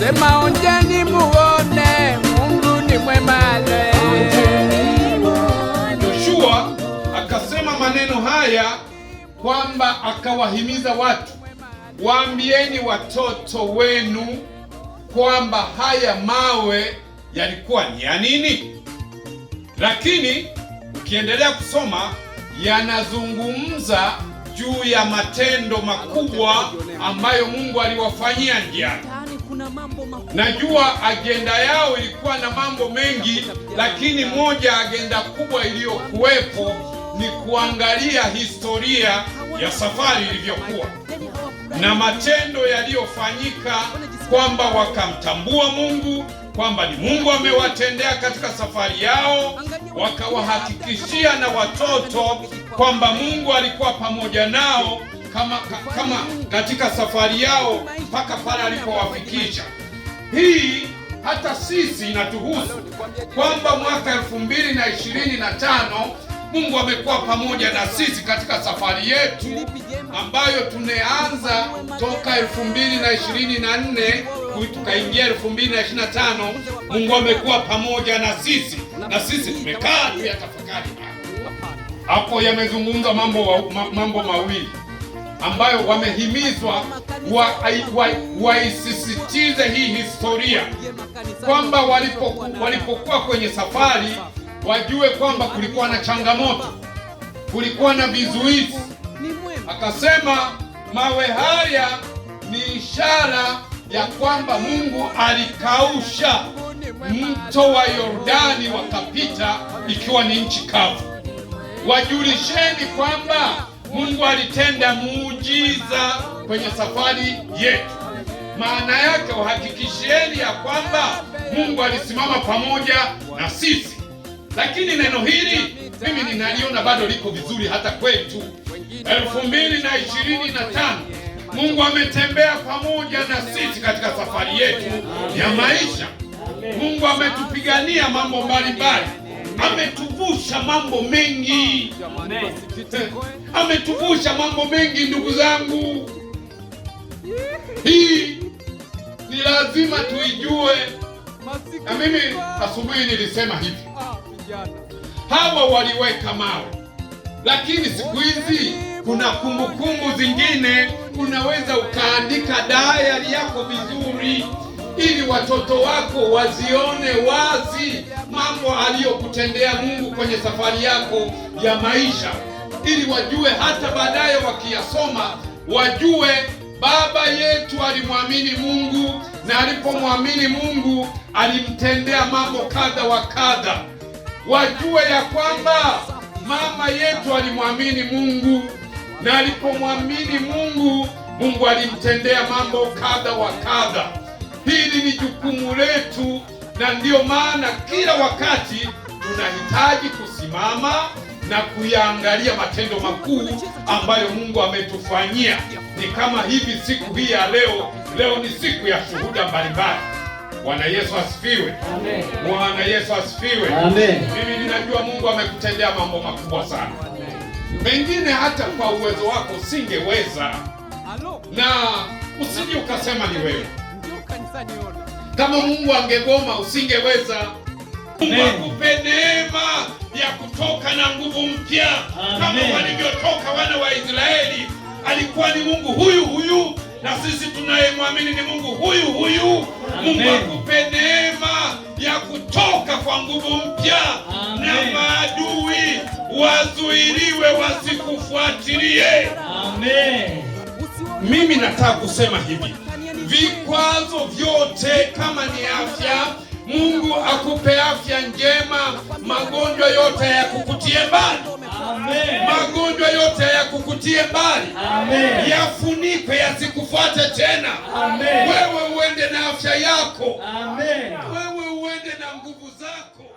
Sema onjeni muone Mungu ni mwema leo. Yoshua akasema maneno haya kwamba akawahimiza watu, waambieni watoto wenu kwamba haya mawe yalikuwa ni ya nini. Lakini ukiendelea kusoma yanazungumza juu ya matendo makubwa ambayo Mungu aliwafanyia njiani kuna mambo makubwa. Najua agenda yao ilikuwa na mambo mengi, lakini moja agenda kubwa iliyokuwepo ni kuangalia historia ya safari ilivyokuwa na matendo yaliyofanyika, kwamba wakamtambua Mungu kwamba ni Mungu amewatendea katika safari yao, wakawahakikishia na watoto kwamba Mungu alikuwa pamoja nao kama, ka, kama katika safari yao mpaka pale alipowafikisha. Hii hata sisi inatuhusu kwamba mwaka elfu mbili na ishirini na tano Mungu amekuwa pamoja na sisi katika safari yetu ambayo tumeanza toka elfu mbili na ishirini na nne tukaingia elfu mbili na ishirini na tano Mungu amekuwa pamoja na sisi, na sisi tumekaa tu ya tafakari hapo, yamezungumza mambo, mambo mawili ambayo wamehimizwa waisisitize wa, wa hii historia kwamba walipoku, walipokuwa kwenye safari wajue kwamba kulikuwa na changamoto, kulikuwa na vizuizi. Akasema mawe haya ni ishara ya kwamba Mungu alikausha mto wa Yordani wakapita ikiwa ni nchi kavu. Wajulisheni kwamba Mungu alitenda muujiza kwenye safari yetu. Maana yake uhakikishieni ya kwamba Mungu alisimama pamoja na sisi. Lakini neno hili mimi ninaliona bado liko vizuri hata kwetu elfu mbili na ishirini na tano. Mungu ametembea pamoja na sisi katika safari yetu ya maisha. Mungu ametupigania mambo mbalimbali ametuvusha mambo mengi, eh, ametuvusha mambo mengi ndugu zangu. Hii ni lazima tuijue, na mimi asubuhi nilisema hivi, ah, hawa waliweka mawe, lakini siku hizi kuna kumbukumbu zingine unaweza ukaandika dayari yako vizuri watoto wako wazione wazi mambo aliyokutendea Mungu kwenye safari yako ya maisha, ili wajue hata baadaye wakiyasoma, wajue baba yetu alimwamini Mungu na alipomwamini Mungu alimtendea mambo kadha wa kadha. Wajue ya kwamba mama yetu alimwamini Mungu na alipomwamini Mungu Mungu alimtendea mambo kadha wa kadha. Hili ni jukumu letu, na ndiyo maana kila wakati tunahitaji kusimama na kuyaangalia matendo makuu ambayo Mungu ametufanyia. Ni kama hivi siku hii ya leo. Leo ni siku ya shuhuda mbalimbali. Bwana Yesu asifiwe. Amen. Bwana Yesu asifiwe. Amen. Mimi ninajua Mungu amekutendea mambo makubwa sana, pengine hata kwa uwezo wako usingeweza, na usije ukasema ni wewe kama Mungu angegoma usingeweza. Mungu akupe neema ya kutoka na nguvu mpya kama walivyotoka wana wa Israeli. Alikuwa ni Mungu huyu huyu, na sisi tunayemwamini ni Mungu huyu huyu. Mungu akupe neema ya kutoka kwa nguvu mpya, na maadui wazuiliwe wasikufuatilie. Amen. Mimi nataka kusema hivi, vikwazo vyote kama ni afya, Mungu akupe afya njema, magonjwa yote yakukutie mbali. Amen. Magonjwa yote yakukutie mbali, yafunike, yasikufuate tena. Amen. Wewe uende na afya yako. Amen. Wewe uende na nguvu zako.